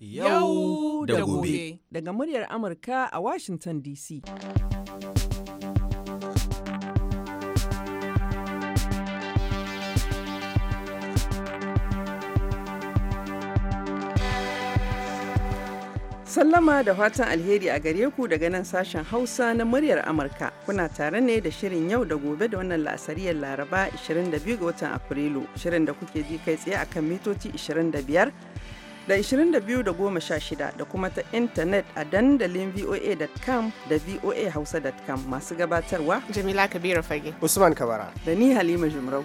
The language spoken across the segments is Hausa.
yau da gobe daga muryar Amurka a Washington DC. Sallama da fatan alheri a gare ku daga nan sashen Hausa na muryar Amurka. Kuna tare ne da shirin yau da gobe da wannan la'asariyar Laraba 22 ga watan Afrilu. Shirin da kuke ji kai tsaye akan mitoci 25 da 22 da 16 da kuma ta intanet a dandalin voa.com da voahausa.com masu gabatarwa jamila kabiru fage usman kabara da ni halima jumrau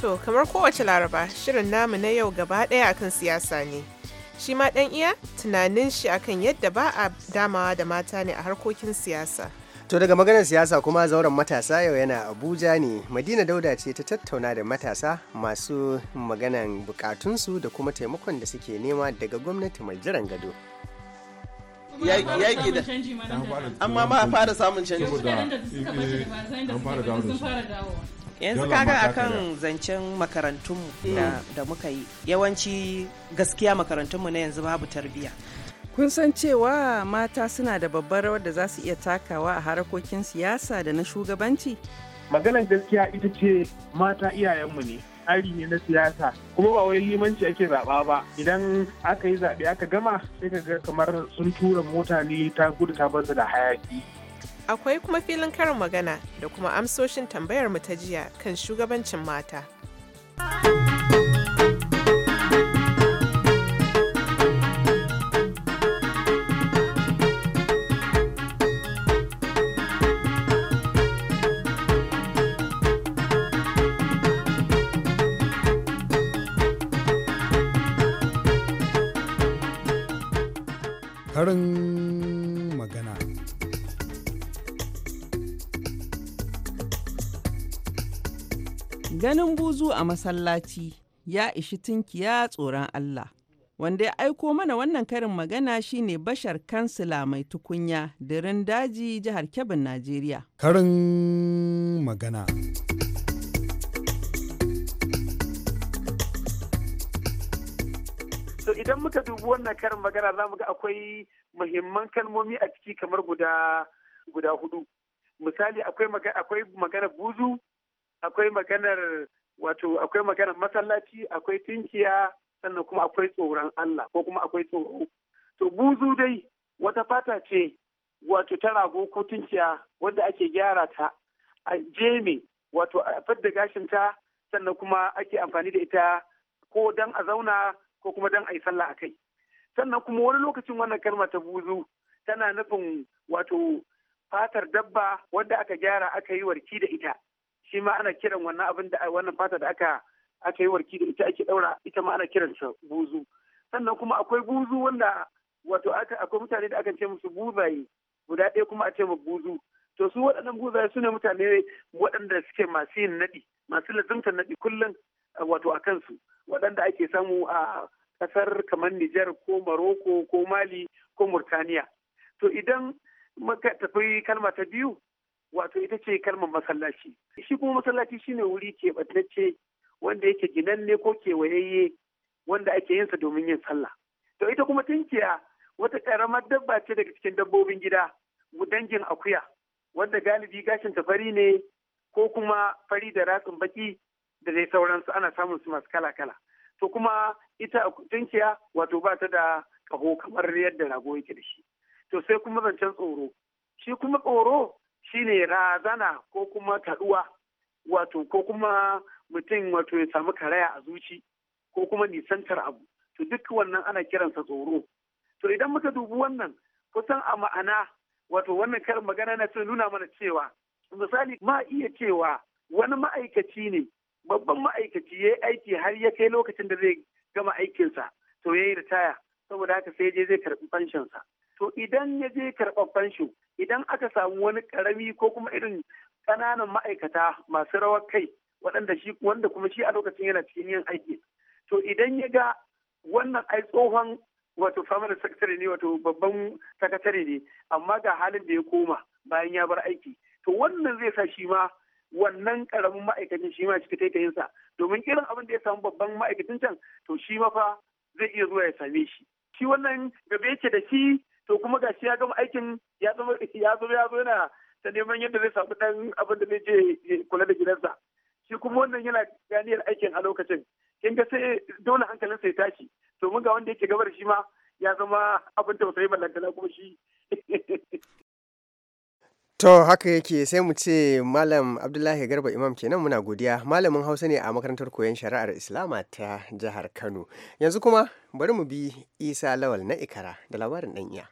To, kamar kowace laraba, shirin namu na yau gaba ɗaya akan siyasa ne. Shi ma dan iya tunanin shi akan yadda ba a damawa da mata ne a harkokin siyasa. To daga maganar siyasa kuma zauren matasa yau yana Abuja ne, Madina Dauda ce ta tattauna da matasa masu maganan bukatunsu da kuma taimakon da suke nema daga gwamnati mai jiran gado. yaƙi da amma ba a fara samun canji eh, an fara yanzu kaga akan zancen makarantunmu hmm. da muka yi yawanci gaskiya makarantunmu na yanzu babu tarbiyya Kun san cewa mata suna da babbar rawar da za su iya takawa a harakokin siyasa da na shugabanci? Maganar gaskiya ita ce mata iyayenmu ne. ari ne na siyasa kuma ba wai limanci ake zaɓa ba idan aka yi zaɓe aka gama sai ka ga kamar sun tura mota ne ta gudu ta banza da hayaki akwai kuma filin karin magana da kuma amsoshin tambayar mu ta jiya kan shugabancin mata. yanzu a masallaci ya ishi ya tsoron Allah. Wanda ya aiko mana wannan karin magana shine bashar kansila mai tukunya dirin daji jihar Kebbi Najeriya. Karin magana. So idan muka dubi wannan karin magana za mu ga akwai muhimman kalmomi a ciki kamar guda guda hudu. Misali akwai magana buzu, akwai maganar wato akwai magana masallaci akwai tinkiya sannan kuma akwai tsoron Allah ko kuma akwai tsoro to buzu dai wata fata ce wato ta rago ko tinkiya wanda ake gyara ta a jeme wato a fadda gashin ta sannan kuma ake amfani da ita ko dan a zauna ko kuma dan a yi sallah a kai sannan kuma wani lokacin wannan kalma ta buzu tana nufin wato fatar dabba wanda aka gyara aka yi warki da ita shi ma ana kiran wannan abin da wannan fata da aka aka yi warki da ita ake daura ita ma ana kiransa buzu sannan kuma akwai buzu wanda wato akwai mutane da aka ce musu buzaye guda ɗaya kuma a ce ma buzu to su waɗannan buzaye su ne mutane waɗanda suke masu yin naɗi masu lazumtar naɗi kullum wato a kansu waɗanda ake samu a ƙasar kamar Nijar ko Maroko ko Mali ko Murtaniya to idan muka tafi kalma ta biyu wato ita ce kalmar masallaci shi kuma masallaci shine wuri keɓantacce wanda yake ginanne ko kewayayye wanda ake yin sa domin yin sallah to ita kuma tunkiya wata ƙaramar dabba ce daga cikin dabbobin gida dangin akuya wanda galibi gashin ta fari ne ko kuma fari da ratsin baki da dai sauransu ana samun su masu kala-kala to kuma ita tunkiya wato ba ta da kaho kamar yadda rago yake da shi to sai kuma zancen tsoro shi kuma tsoro shine razana ko kuma taruwa wato ko kuma mutum wato ya samu karaya a zuci ko kuma nisantar abu to duk wannan ana kiransa tsoro to idan muka dubi wannan kusan a ma'ana wato wannan karin magana na sun nuna mana cewa misali ma iya cewa wani ma'aikaci ne babban ma'aikaci ya aiki har ya kai lokacin da zai gama aikinsa to ya yi ritaya saboda haka sai je zai karɓi fanshinsa to idan ya je karɓaɓɓen shi idan aka samu wani ƙarami ko kuma irin ƙananan ma'aikata masu rawar kai waɗanda shi wanda kuma shi a lokacin yana cikin yin aiki to idan ya ga wannan ai tsohon wato family secretary ne wato babban sakatare ne amma ga halin da ya koma bayan ya bar aiki to wannan zai sa shi ma wannan karamin ma'aikacin shi ma cikin yinsa. domin irin abin da ya samu babban ma'aikacin can to shi ma fa zai iya zuwa ya same shi shi wannan gaba yake da shi to kuma ga shi ya gama aikin ya zama ya zo ya zo yana ta neman yadda zai samu dan abin da zai je kula da gidansa shi kuma wannan yana ganiyar aikin a lokacin kin ga sai dole hankalin sai tashi to mun ga wanda yake gabar shi ma ya zama abin tausayi ballantana kuma shi To haka yake sai mu ce Malam Abdullahi Garba Imam kenan muna godiya malamin Hausa ne a makarantar koyon shari'ar Islama ta jihar Kano. Yanzu kuma bari mu bi Isa Lawal na Ikara da labarin ɗan iya.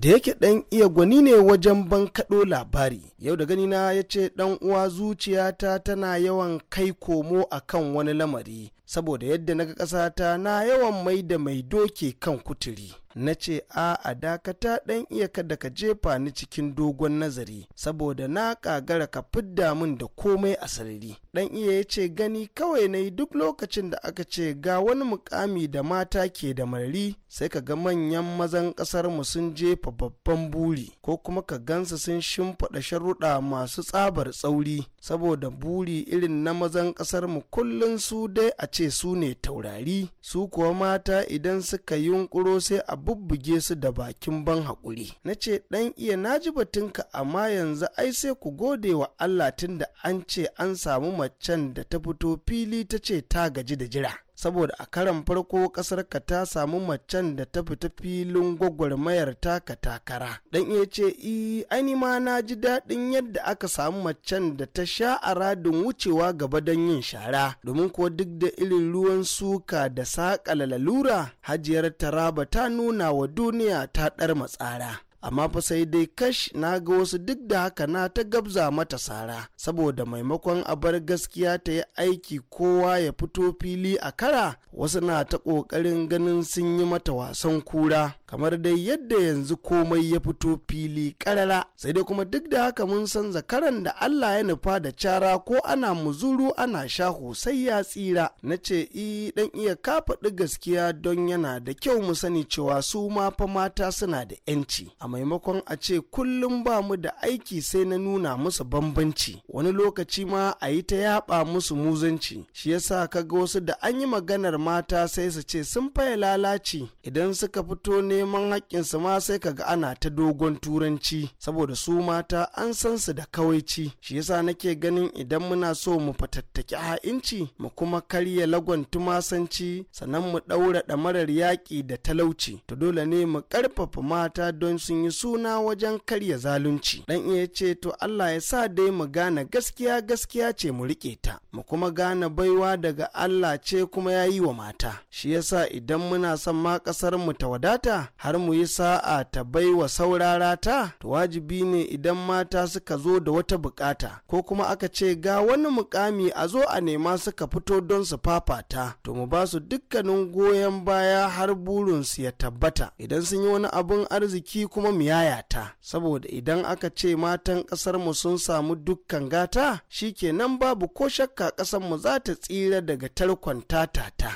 da yake ɗan iya gwani ne wajen bankaɗo labari yau da ganina ya ce ɗan uwa zuciyata tana yawan kai komo a kan wani lamari saboda yadda naga ƙasata na yawan mai da mai doke kan kuturi na ce a a dakata ɗan iya kada ka jefa ni cikin dogon nazari saboda na kagara ka fidda min da komai a sarari ɗan iya ya ce gani kawai na yi duk lokacin da aka ce ga wani mukami da mata ke da marari sai ka ga manyan mazan ƙasar mu sun jefa babban buri ko kuma ka gansa sun shimfiɗa sharuɗa masu tsabar tsauri saboda buri irin na mazan ƙasar mu kullum su dai a ce su ne taurari su kuwa mata idan suka yunkuro sai a bubbuge su da bakin ban haƙuri na ce ɗan iya na ji batunka amma yanzu ai sai ku gode wa Allah tun da an ce an samu macen da ta fito fili ta ce ta gaji da jira saboda a karan farko kasar ka ta samu macen da ta fita filin gwagwarmayar ka takara dan iya ce e, i ani ma na ji daɗin yadda aka samu macen da ta sha a radin wucewa gaba don yin shara domin ko duk da irin ruwan suka da saƙa lalura hajiyar taraba ta nuna wa duniya ta ɗar matsara amma fa sai dai kash na ga wasu duk da haka na ta gabza mata sara saboda maimakon a bar gaskiya ta yi aiki kowa ya fito fili a kara wasu na ta ƙoƙarin ganin sun yi mata wasan kura kamar dai yadda yanzu komai ya fito fili karara sai dai kuma duk da haka mun san zakaran da Allah ya nufa da cara ko ana muzuru ana shahu sai ya tsira na ce i dan iya kafaɗi gaskiya don yana da kyau mu sani cewa su ma fa mata suna da yanci a maimakon a ce kullum ba mu da aiki sai na nuna musu bambanci wani lokaci ma a yi ta yaba musu muzanci shi yasa kaga wasu da an yi maganar mata sai su ce sun faye lalaci idan suka fito ne neman haƙƙinsu ma sai kaga ana ta dogon turanci saboda su mata an san su da kawaici shi yasa nake ganin idan muna so mu fatattaki ha'inci mu kuma karya lagon tumasanci sannan mu ɗaura ɗamarar yaƙi da talauci to dole ne mu ƙarfafa mata don sun yi suna wajen karya zalunci dan iya ce to Allah ya sa dai mu gane gaskiya gaskiya ce mu riƙe ta mu kuma gane baiwa daga Allah ce kuma ya yi wa mata shi yasa idan muna son ma ƙasar mu ta wadata har mu yi sa'a ta bai wa saurara ta to wajibi ne idan mata suka zo da wata bukata ko kuma aka ce ga wani mukami a zo a nema suka fito don su fafata to mu ba su dukkanin goyon baya har burinsu ya tabbata idan sun yi wani abun arziki kuma mu yayata saboda idan aka ce matan kasar mu sun samu dukkan gata shikenan babu ko shakka kasar mu za ta tsira daga tarkon tatata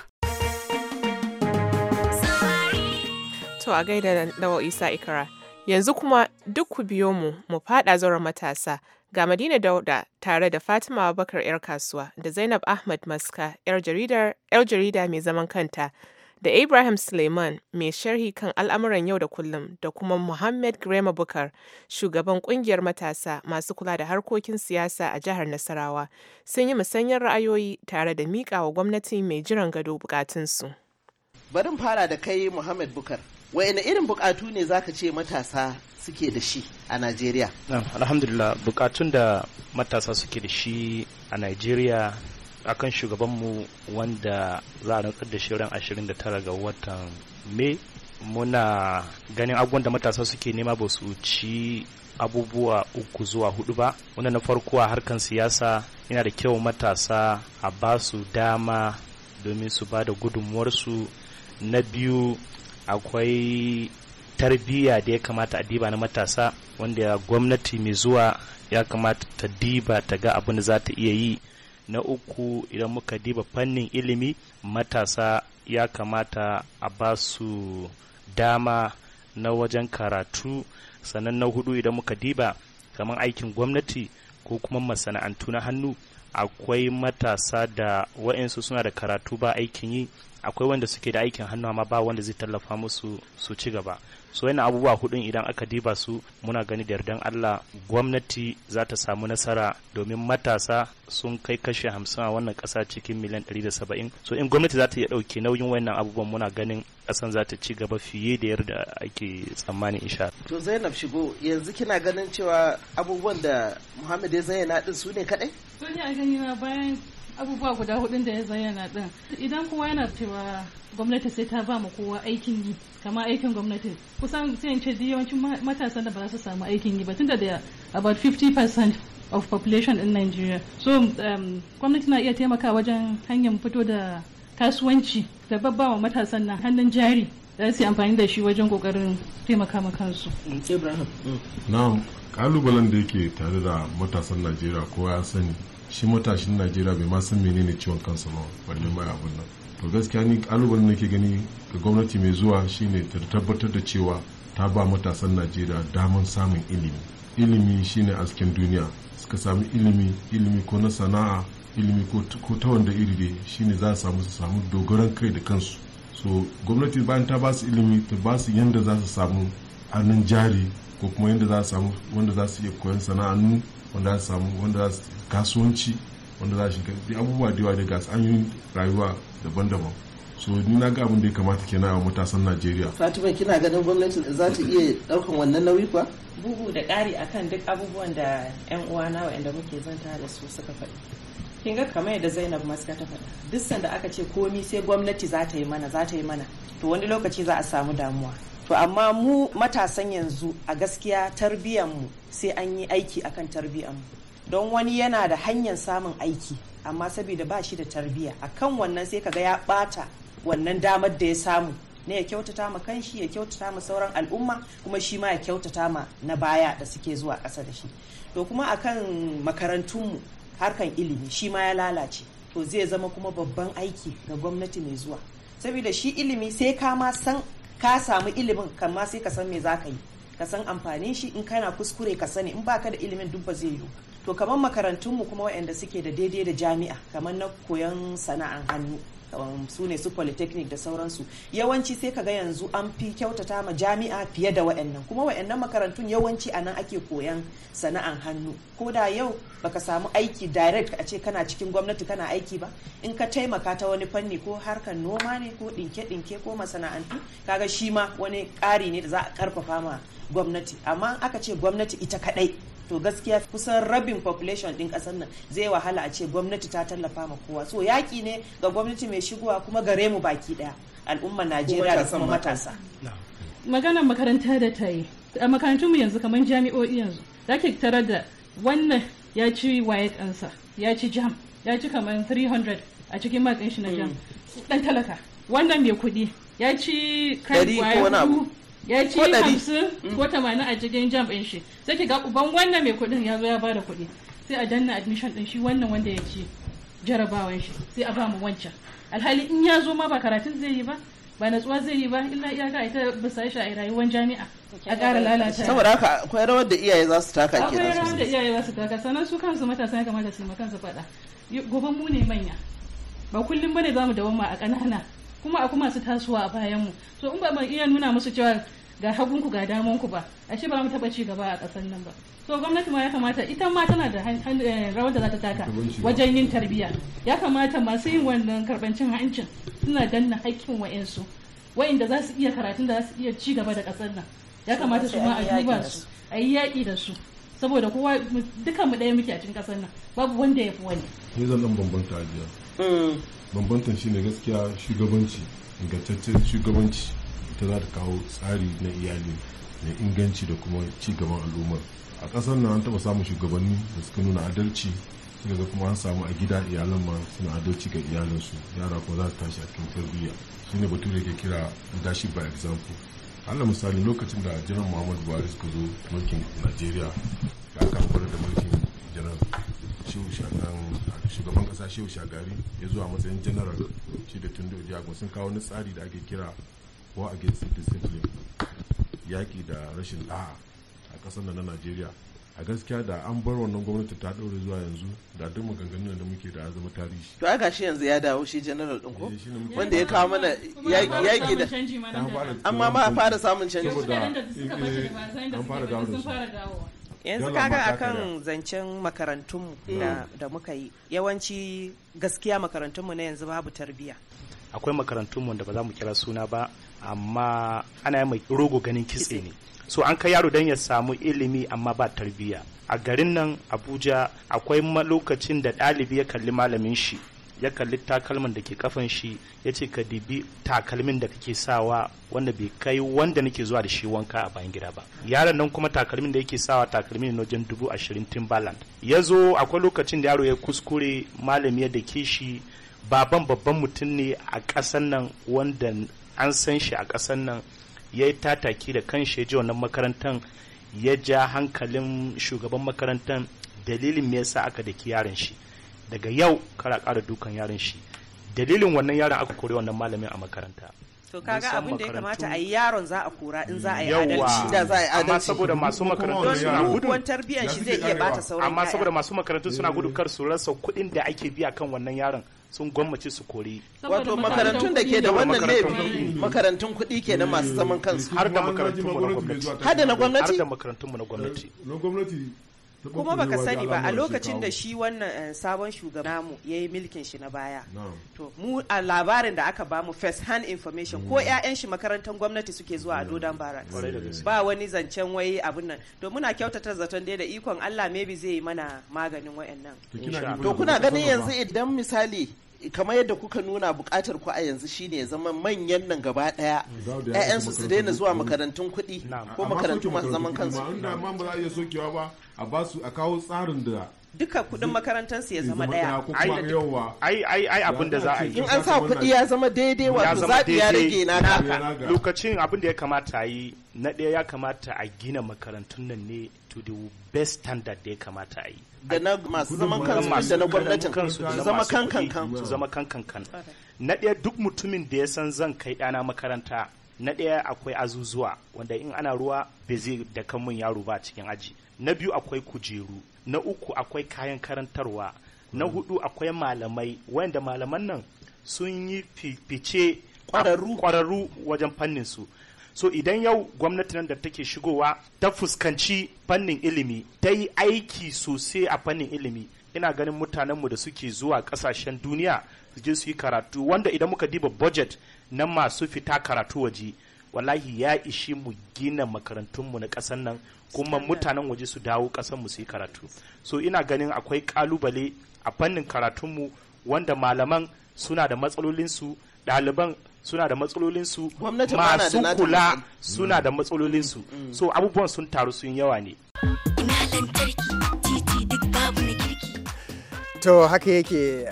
To a gaida da dawo Isa Ikara. Yanzu kuma duk ku biyo mu mu fada zauren matasa ga Madina Dauda tare da Fatima Abubakar 'yar kasuwa da Zainab Ahmad Maska 'yar jaridar yar jarida mai zaman kanta da Ibrahim Suleiman mai sharhi kan al'amuran yau da kullum da kuma Muhammad Grema Bukar shugaban kungiyar matasa masu kula da harkokin siyasa a jihar Nasarawa sun yi musanyen ra'ayoyi tare da miƙa wa gwamnati mai jiran gado bukatunsu. Bari fara da kai Muhammad Bukar. wa'ina irin bukatu ne zaka ce matasa suke da shi a Najeriya? Alhamdulillah bukatun da matasa suke da shi a Najeriya akan shugabanmu wanda za a rantsar da shirin 29 ga watan Mai muna ganin abubuwan da matasa suke nema ba su ci abubuwa uku zuwa hudu ba wanda na farko a harkar siyasa yana da kyau matasa a ba su dama domin su ba da gudunmuwarsu na biyu akwai tarbiyya da ya kamata a diba na matasa wanda ya gwamnati mai zuwa ya kamata ta diba ta ga abin da za ta iya yi na uku idan muka diba fannin ilimi matasa ya kamata a ba su dama na wajen karatu sannan na hudu idan muka diba kamar aikin gwamnati ko kuma masana'antu na hannu akwai matasa da wa'insu suna da karatu ba aikin yi akwai wanda suke da aikin hannu amma ba wanda zai tallafa musu su ci gaba so yana abubuwa hudun idan aka diba su muna gani da yardan Allah gwamnati za ta samu nasara domin matasa sun kai kashe hamsin a wannan kasa cikin miliyan 170 so in gwamnati za ta iya dauke nauyin wannan abubuwan muna ganin kasan za ta ci gaba fiye da yarda ake tsammani insha to Zainab shigo yanzu kina ganin cewa abubuwan da Muhammad ya zayyana din su ne kadai to ni a gani bayan abubuwa guda hudun da ya zayyana din idan kowa yana cewa gwamnati sai ta ba mu kowa aikin yi kama aikin gwamnati kusan sai in ce yawancin matasan da ba za su samu aikin yi ba tun da about 50% of population in Nigeria so um, gwamnati na iya taimaka wajen hanyar fito da kasuwanci da babbawa matasan nan hannun jari za su amfani da shi wajen kokarin taimaka ma kansu. Ibrahim. kalubalen da yake tare da matasan Najeriya kowa ya sani shi matashin najeriya bai ma san menene ciwon kansa ba wannan mai abin nan to gaskiya ni kalubalen nake gani ga gwamnati mai zuwa shine ta tabbatar da cewa ta ba matasan najeriya damar samun ilimi ilimi shine asken duniya suka sami ilimi ilimi ko na sana'a ilimi ko ta wanda iri dai shine za su samu su samu dogaran kai da kansu so gwamnati bayan ta ba su ilimi ta ba su yadda za su samu hannun jari ko kuma yadda za su samu wanda za su iya koyon sana'annu wanda za samu wanda za su kasuwanci wanda za su shiga abubuwa da yawa da gas an yi rayuwa daban-daban so ni na ga abin da ya kamata na a matasan najeriya fatima kina ganin gwamnati za ta iya daukan wannan nauyi kuwa bugu da ƙari akan duk abubuwan da 'yan uwana waɗanda muke zanta da su suka faɗi kin ga kamar yadda zainab maska ta faɗa duk sanda aka ce komi sai gwamnati za ta yi mana za ta yi mana to wani lokaci za a samu damuwa to amma mu matasan yanzu a gaskiya tarbiyyar mu sai an yi aiki akan tarbiyyar don wani yana da hanyar samun aiki amma saboda ba shi da tarbiyya a kan wannan sai kaga ya bata wannan damar da ya samu na ya kyautata ma kanshi ya kyautata ma sauran al'umma kuma shi ma ya kyautata ma na baya da suke zuwa ƙasa da shi to kuma akan makarantunmu harkan ilimi shi ma ya lalace to zai zama kuma babban aiki ga gwamnati mai zuwa saboda shi ilimi sai ka ma san ka samu ilimin kan ma sai ka san me za ka yi ka san amfanin shi in kana kuskure ka sani in baka da ilimin duk ba zai yiwu to kamar makarantunmu kuma waɗanda suke da daidai da jami'a kamar na koyon sana'an hannu Um, su ne su polytechnic da sauransu yawanci sai ka ga yanzu an fi kyautata ma jami'a fiye da wa'annan kuma wa'annan makarantun yawanci a nan ake koyan sana'an hannu ko da yau baka samu aiki direct a ce kana cikin gwamnati kana aiki ba in ka taimaka ta wani fanni ko harkar noma ne ko dinke-dinke ko masana'antu kaga shi ma wani ƙari ne da za a karfafa ma gwamnati amma aka ce gwamnati ita kadai to gaskiya kusan rabin population din kasar nan zai yi wahala a ce gwamnati ta tallafa ma kowa so yaki ne ga gwamnati mai shigowa kuma gare mu baki daya al'ummar najeriya da kuma matasa maganar makaranta da ta yi a mu yanzu kamar jami'o'i yanzu za ki tarar da wannan ya ci wayek ansa ya ci jam ya ci kamar 300 a cikin matsayin shi na jam dan mm. talaka wannan mai kuɗi ya ci kai ya ci hamsin mm. ko tamanin a cikin jam ɗin shi sai ki ga uban wannan mai kuɗin ya zo ya bada kuɗi sai a danna admission ɗin shi wannan wanda ya ci jarabawan shi sai a ba mu wancan alhali in ya zo ma ba karatun zai yi ba ba natsuwa zai yi ba illa iyaka ita bisa shi a rayuwar jami'a a ƙara lalata saboda haka akwai rawar da iyaye za su taka ke akwai rawar da iyaye za su taka sannan su kansu matasa ya kamata su yi kansu faɗa gobe mu ne manya ba kullum bane za mu ma a ƙanana kuma a masu tasowa a bayan mu so in ba mu iya nuna musu cewa ga hagunku ga damanku ba a shi ba mu taba ci gaba a kasar nan ba so gwamnati ma ya kamata ita ma tana da eh, rawar da za ta taka wajen yin tarbiyya ya kamata masu yin wannan karbancin hancin suna danna haƙƙin wa'insu wa'inda za su iya karatun da za su iya ci gaba da kasar nan ya kamata su ma a duba su a yi yaƙi da su saboda kowa duka mu ɗaya muke a cikin kasar nan babu wanda ya fi wani ni zan dan bambanta ajiya mm. bambantan shine gaskiya shugabanci ingantaccen shugabanci ita za ta kawo tsari na iyali mai inganci da kuma ci gaban al'ummar a ƙasar nan an taɓa samun shugabanni da suka nuna adalci suka ga kuma an samu a gida iyalan ma suna adalci ga iyalansu yara kuma za su tashi a cikin tarbiyya shi ne da ke kira leadership by example allah misali lokacin da jiran muhammadu buhari suka zo mulkin najeriya ya aka da mulkin jiran shugaban kasa shehu shagari ya zuwa matsayin general shi da tundu jago sun kawo wani tsari da ake kira war against discipline yaƙi da rashin da'a a ƙasar na najeriya a gaskiya da an bar wannan gwamnati ta ɗaure zuwa yanzu da duk maganganun da muke da zama tarihi to aka shi yanzu ya dawo shi general ɗin ko eh, wanda ya kawo mana yaƙi da amma ma fara samun canji eh, eh, an fara dawo da su yanzu kaga akan zancen makarantunmu da muka yi yawanci gaskiya makarantunmu na yanzu babu tarbiya akwai makarantunmu da ba za mu kira suna ba amma ana mai rogo ganin kitse ne so an kai yaro don ya samu ilimi amma ba tarbiyya a garin nan abuja akwai lokacin da ɗalibi ya kalli malamin shi ya kalli takalman da ke kafan shi ya ce ka dibi takalmin da kake sawa wanda bai kai wanda nake zuwa da shi wanka a bayan gida ba yaron nan kuma takalmin da yake sawa takalmin na wajen dubu ashirin timbaland ya zo akwai lokacin da yaro ya kuskure malami ya dake shi baban babban mutum ne a ƙasan nan wanda an san shi a ƙasar nan ya yi tataki da kan shi ji wannan makarantar ya ja hankalin shugaban makarantar dalilin me yasa aka daki yaron shi daga yau kara ƙara dukan yaron shi dalilin wannan yaron aka kore wannan malamin a makaranta to kaga abin da ya kamata a yi yaron za a kora in za a yi adalci da za a yi adalci amma saboda masu makarantu suna gudu tarbiyyar shi zai iya bata sauran amma saboda masu makarantu suna gudu kar su rasa kuɗin da ake biya kan wannan yaron sun gwammace su kori wato makarantun da ke da wannan laifi makarantun kuɗi ke na masu zaman kansu har da makarantun mu na gwamnati har da makarantun mu na gwamnati kuma baka sani ba a lokacin da shi wannan eh, sabon shugaban namu ya yi milkin shi na baya to mu a labarin da aka bamu first hand information ko 'ya'yan mm. shi makarantar gwamnati suke zuwa a dodan barracks ba wani zancen wai abin nan to muna kyautata zaton dai da ikon Allah maybe zai yi mana maganin wayannan to kuna ganin yanzu idan misali kamar yadda kuka nuna bukatar ku a yanzu shine ya zama manyan nan gaba daya ƴaƴansu su su daina zuwa makarantun kuɗi ko makarantu masu zaman kansu inda ma ba za a iya sokewa ba a ba su a kawo tsarin da duka kuɗin makarantar su ya zama daya ai ai ai abin da za a yi in an sa kuɗi ya zama daidai wato zaɓi ya rage na naka lokacin abin da ya kamata a yi na ɗaya ya kamata a gina makarantun nan ne to the best standard da ya kamata a yi da na masu zaman kansu da na gwamnatin da zama kankan kan su zama kankan kan na ɗaya duk mutumin da ya san zan kai ɗana makaranta na ɗaya akwai azuzuwa wanda in ana ruwa bai zai da kan mun yaro ba cikin aji na biyu akwai kujeru na uku akwai kayan karantarwa na mm. hudu akwai malamai wanda malaman nan sun yi fice kwararru wajen fannin su so idan yau gwamnati nan da take shigowa ta fuskanci fannin ilimi ta yi aiki sosai a fannin ilimi ina ganin mutanenmu da suke zuwa kasashen duniya su je su yi karatu wanda idan muka diba budget na masu fita karatu waje wallahi ya ishi mu gina makarantunmu na ƙasar nan kuma mutanen waje su dawo ƙasar mu su yi karatu so ina ganin akwai ƙalubale a fannin karatunmu wanda malaman suna da matsalolinsu ɗaliban suna da matsalolinsu masu kula suna da matsalolinsu mm. so abubuwan sun taru sun yawa ne To haka yake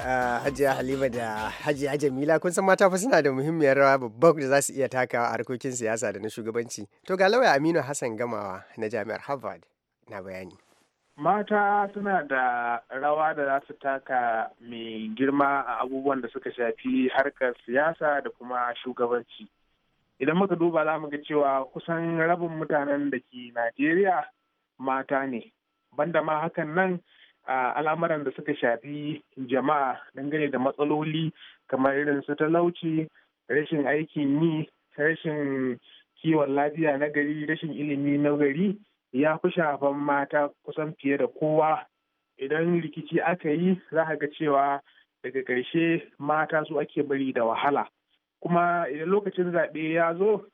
hajiya Halima da hajiya Jamila kun san mata fa suna da muhimmiyar rawa babbar da za su iya takawa a harkokin siyasa da na shugabanci. To ga lauya Aminu Hassan Gamawa na Jami'ar Harvard na bayani. mata suna da rawa da za su taka mai girma a abubuwan da suka shafi harkar siyasa da kuma shugabanci idan muka duba za mu ga cewa kusan rabin mutanen da ke najeriya mata ne banda ma hakan nan al'amuran da suka shafi jama'a dangane da matsaloli kamar irin su talauci rashin aikin yi rashin kiwon lafiya na gari rashin ilimi na gari ya fi shafan mata kusan fiye da kowa idan rikici aka yi za a ga cewa daga ƙarshe mata su ake bari da wahala kuma idan lokacin zaɓe ya zo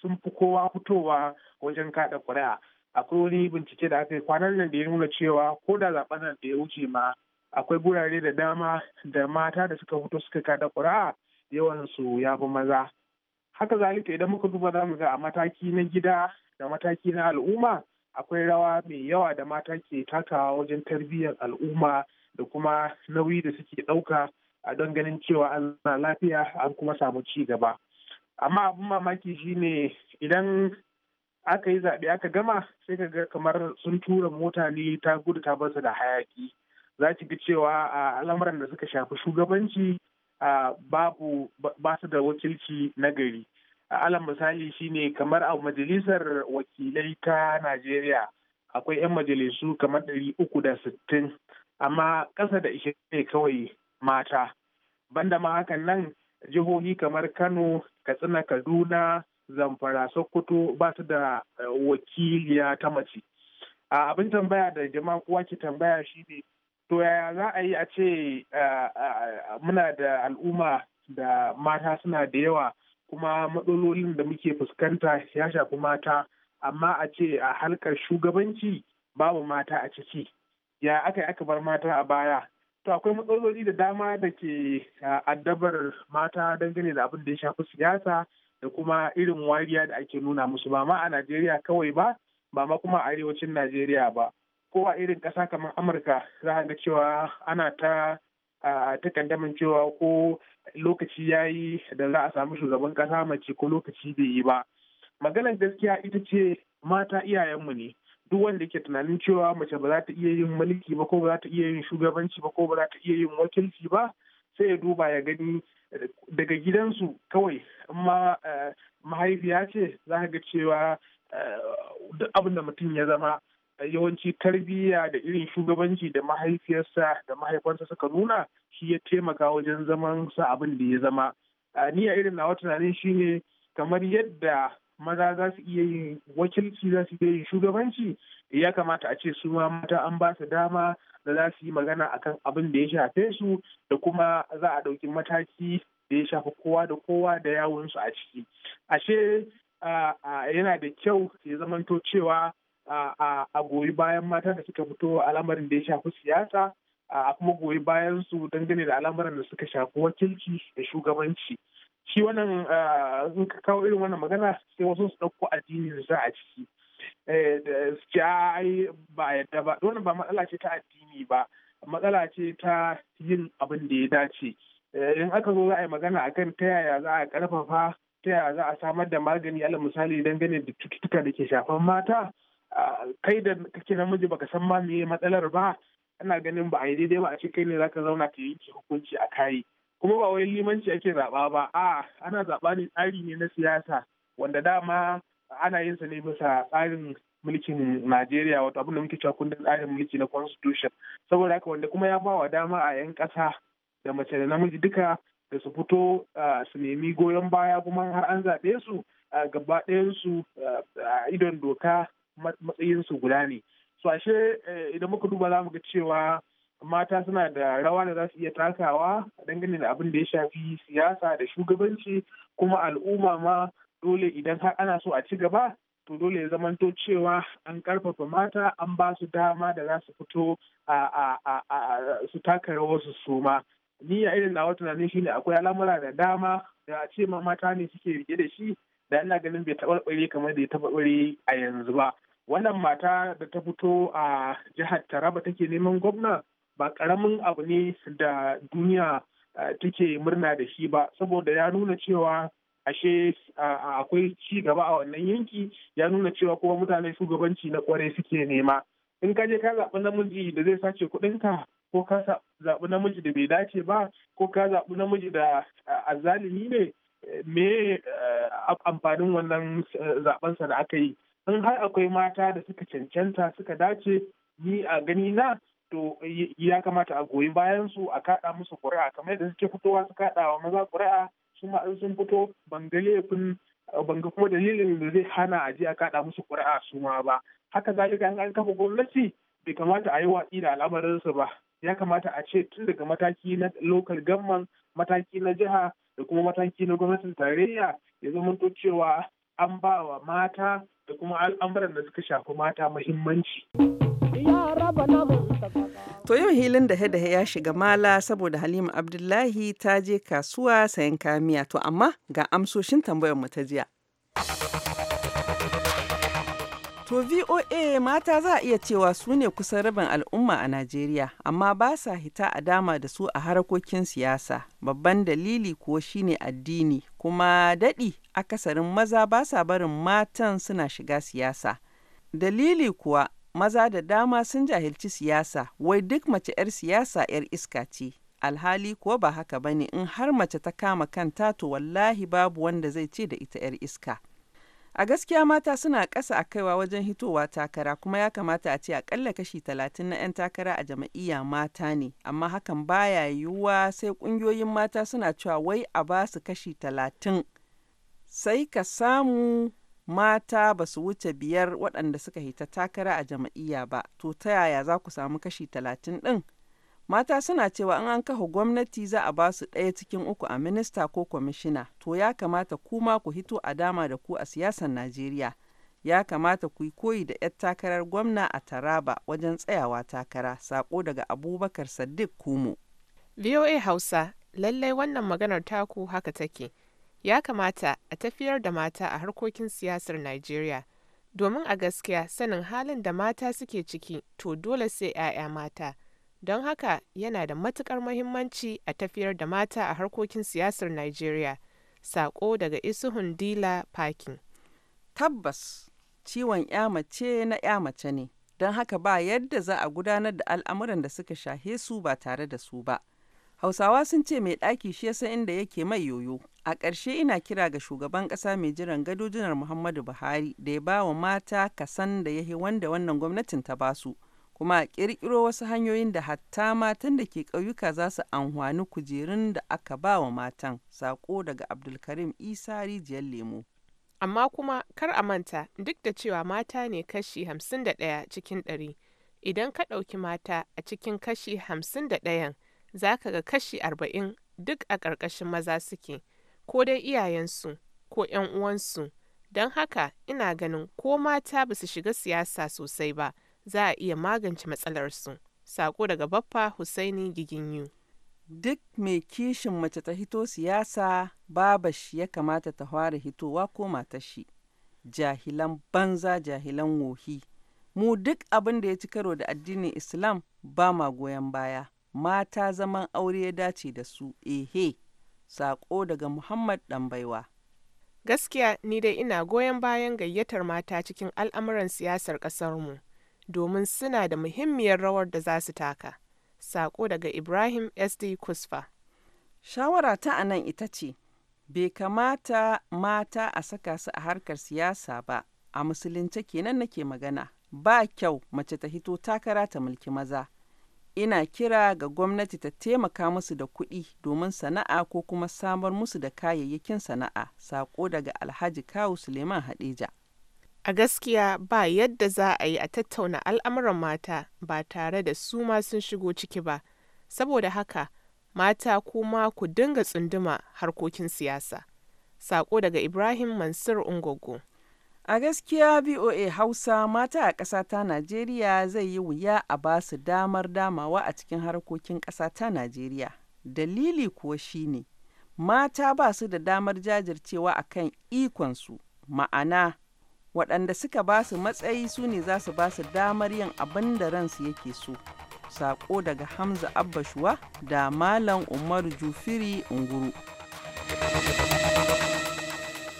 sun fi kowa fitowa wajen kaɗa ƙuri'a akwai wani bincike da aka yi kwanan nan da ya nuna cewa ko da zaɓen nan da ya wuce ma akwai gurare da dama da mata da suka fito suka kaɗa ƙuri'a yawansu ya fi maza haka zalika idan muka duba za mu ga a mataki na gida da mataki na al'umma akwai rawa mai yawa da mata ke takawa wajen tarbiyyar al'umma da kuma nauyi da suke ɗauka a don ganin cewa an na lafiya an kuma samu ci gaba amma abin mamaki shine idan aka yi zaɓe aka gama sai ka ga kamar sun tura mota ne ta gudu ta basu da hayaki za ki ga cewa a al'amuran da suka shafi shugabanci babu ba su da wakilci na gari alal misali shine kamar a majalisar wakilai ta najeriya akwai 'yan majalisu kamar ɗari uku da sittin amma ƙasa da ishe ne kawai mata banda ma hakan nan jihohi kamar kano katsina kaduna zamfara sokoto ba su da eh, wakiliya ta mace abin tambaya da jama'a kowa ke tambaya shine to yaya za a yi a ce eh, eh, muna da al'umma da mata suna da yawa kuma matsalolin da muke fuskanta ya shafi mata amma a ce a halkar shugabanci babu mata a ciki ya aka yi aka bar mata a baya to akwai matsaloli da dama da ke addabar mata dangane da abin da ya shafi siyasa da kuma irin wariya da ake nuna musu ba ma a najeriya kawai ba ba ma kuma a arewacin najeriya ba ko a irin ƙasa kamar amurka za a ga cewa ana ta takaddamin cewa ko lokaci ya yi da za a samu shugaban kasa mace ko lokaci bai yi ba maganar gaskiya ita ce mata iyayenmu ne duk wanda ke tunanin cewa mace ba za ta iya yin mulki ba ko ba za ta iya yin shugabanci ba ko ba za ta iya yin wakilci ba sai ya duba ya gani daga gidansu kawai amma eh, mahaifiya ce za ga cewa eh, duk abin da mutum ya zama yawanci tarbiyya da irin shugabanci da mahaifiyarsa da mahaifansa suka nuna shi ya taimaka wajen zaman su abin da ya zama ni a irin nawa tunanin shi ne kamar yadda maza za su iya yin wakilci za su iya yin shugabanci ya kamata a ce su ma mata an ba su dama da za su yi magana akan abin da ya shafe su da kuma za a ɗauki mataki da ya shafi kowa da kowa da yawunsu a ciki ashe yana da kyau ya zamanto cewa a goyi bayan mata da suka fito al'amarin da ya shafi siyasa a kuma goyi bayan su dangane da al'amuran da suka shafi wakilci da shugabanci shi wannan in ka kawo irin wannan magana sai wasu su ɗauko addinin za a ciki ja eh, ba yadda ba wannan ba matsala ce ta addini ba matsala ce ta yin abin da ya dace eh, in aka zo za a yi magana akan ta yaya za a karfafa ta yaya za a samar da magani alal misali dangane da cututtuka da ke shafan mata kai da kake namiji baka san ma me matsalar ba ana ganin ba a yi daidai ba a ce kai ne zaka zauna ka yanke hukunci a kai kuma ba wai limanci ake zaɓa ba a ana zaɓa ne tsari ne na siyasa wanda dama ana yin sa ne bisa tsarin mulkin Najeriya wato abin da muke cewa kundin tsarin mulki na constitution saboda haka wanda kuma ya ba wa dama a 'yan ƙasa da mace da namiji duka da su fito su nemi goyon baya kuma har an zaɓe su gaba ɗayansu idon doka matsayinsu guda ne su eh, idan muka duba za mu ga cewa mata suna da rawa da za su iya takawa dangane da abin da ya shafi siyasa da shugabanci kuma al'umma ma dole idan har ana so a ci gaba to dole ya zamanto cewa an karfafa mata an ba su dama da za su fito su taka rawar su suma ni a irin nawa tunanin shine akwai al'amura da dama da a ce ma mata ne suke rike da shi da ina ganin bai taɓarɓare kamar da ya taɓarɓare a yanzu ba wannan mata da ta fito a jihar taraba take neman gwamna ba karamin abu ne da duniya take murna da shi ba saboda ya nuna cewa ashe akwai ci gaba a wannan yanki ya nuna cewa kuma mutane shugabanci na kware suke nema in ka je ka zaɓi namiji da zai sace kuɗinka ko ka zaɓi namiji da bai dace ba ko ka zaɓi namiji da azzalimi ne me amfanin wannan eh, zaɓensa da aka yi in har akwai mata da suka cancanta suka dace ni a gani na to ya kamata a goyi bayan su a kaɗa musu ƙuri'a kamar yadda suke fitowa su kaɗa wa maza ƙuri'a su ma sun fito ban ga kuma dalilin da zai hana a je a kaɗa musu ƙuri'a su ma ba haka zalika in an kafa gwamnati bai kamata a yi watsi da al'amarinsu ba ya kamata a ce tun daga mataki na local gamman mataki na jiha da kuma mataki na gwamnatin tarayya ya zama cewa an ba wa mata da kuma al'amuran da suka shafi mata muhimmanci. To yau hilin da hada ya shiga mala saboda Halima Abdullahi ta je kasuwa sayan kamiya to amma ga amsoshin tambayar mu ta jiya. To VOA mata za a iya cewa su ne kusan rabin al'umma a Najeriya, amma ba sa hita a dama da su a harkokin siyasa. Babban dalili kuwa shine addini, kuma daɗi akasarin maza ba sa barin matan suna shiga siyasa. Dalili kuwa maza da dama sun jahilci siyasa, wai duk mace 'yar siyasa 'yar iska ce. Alhali kuwa ba haka bane in har mace ta kama kanta to wallahi babu wanda zai ce da ita 'yar iska. A gaskiya mata suna ƙasa a kaiwa wajen hitowa takara kuma ya kamata a ce akalla kashi talatin na 'yan takara a jam'iyya mata ne, amma hakan baya yiwuwa sai ƙungiyoyin mata suna cewa wai a ba su kashi talatin. Sai ka samu mata ba su wuce biyar waɗanda suka hita takara a jam'iyya ba, to ta yaya za ku samu kashi talatin ɗin? Mata suna cewa in an kafa gwamnati za a basu ɗaya cikin uku a minista ko kwamishina, to ya kamata kuma ku hito a dama da ku a siyasar Najeriya. Ya kamata ku yi koyi da 'yar takarar gwamna a Taraba wajen tsayawa takara, sako daga Abubakar Saddiq Kumo. VOA Hausa, lallai wannan maganar taku haka take. Ya kamata a tafiyar da mata a harkokin siyasar Najeriya. Domin a gaskiya sanin halin da mata suke ciki, to dole sai 'ya'ya mata. Don haka yana da matukar mahimmanci a tafiyar da mata a harkokin siyasar Najeriya. Saƙo daga Isuhun Dila Pakin Tabbas, ciwon ‘ya mace na ‘ya mace ne, don haka ba yadda za a gudanar da al'amuran da suka shahe su ba tare da su ba. Hausawa sun ce mai ɗaki shi yasa inda yake mai yoyo. A ƙarshe ina kira ga shugaban ƙasa mai jiran gadojinar Muhammadu Buhari da ya ba wa mata kasan da yahi wanda wannan gwamnatin ta basu. kuma a ƙirƙiro wasu hanyoyin da hatta matan da ke ƙauyuka za su anhwani kujerun da aka ba wa matan sako daga abdulkarim isa rijiyar lemo amma kuma kar a manta duk da cewa mata ne kashi 51 cikin 100 idan ka ɗauki mata a cikin kashi 51 za ka ga kashi 40 duk a ƙarƙashin maza suke ko dai iyayensu ko 'yan uwansu don haka ina ganin ko mata ba su shiga siyasa sosai ba za a iya magance matsalarsu. Sako daga Baffa Hussaini, Giginyu. Duk mai kishin mace ta hito siyasa babashi ya kamata ta fara hitowa ko matashi. Jahilan banza jahilan wohi. Mu duk abin da ya ci karo da addinin Islam ba ma goyon baya. Mata zaman aure ya dace da su, ehe. Sako daga Muhammad Ɗanbaiwa. Gaskiya ni dai ina goyon bayan gayyatar mata cikin al'amuran siyasar ƙasarmu. domin suna da muhimmiyar rawar da za su taka. Sako daga Ibrahim SD Kusfa. Shawara ta anan ita ce, bai kamata mata a saka su a harkar siyasa ba, a musulunce kenan nake magana, ba kyau mace ta hito takara ta mulki maza. ina kira ga gwamnati ta taimaka musu da kuɗi domin sana'a ko kuma samar musu da kayayyakin sana'a sako daga alhaji kawu suleiman hadeja A gaskiya ba yadda za a yi a tattauna al'amuran mata ba tare da su ma sun shigo ciki ba, saboda haka mata kuma ku dinga tsunduma harkokin siyasa. sako daga Ibrahim Mansur Ungogo. A gaskiya VOA Hausa mata a ƙasa ta Najeriya zai yi wuya a ba su damar damawa a cikin harkokin ƙasa ta Najeriya. Dalili kuwa shine mata ba su da damar jajircewa a kan ikonsu, ma'ana waɗanda suka ba su matsayi su ne za su ba su damar yin abin da ransu yake so saƙo daga hamza abba shuwa da malam umaru jufiri unguru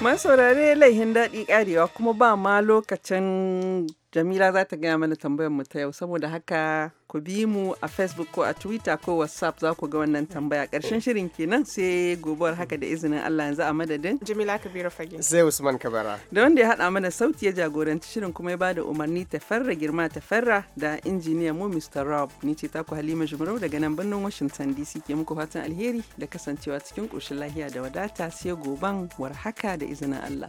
masaurare laihin daɗi ƙarewa kuma ba ma lokacin Jamila za ta gaya mana tambayar mu ta yau saboda haka ku bi mu a Facebook ko a Twitter ko WhatsApp za ku ga wannan tambaya. Ƙarshen shirin kenan sai gobar haka da izinin Allah yanzu a madadin. Jamila Kabiru Fage. Sai Usman Kabara. Da wanda ya haɗa mana sauti ya jagoranci shirin kuma ya bada umarni ta farra girma ta farra da injiniya mu Mr. Rob. Ni ce taku Halima Jumarau daga nan birnin Washington DC ke muku fatan alheri da kasancewa cikin ƙoshin lahiya da wadata sai goban war haka da izinin Allah.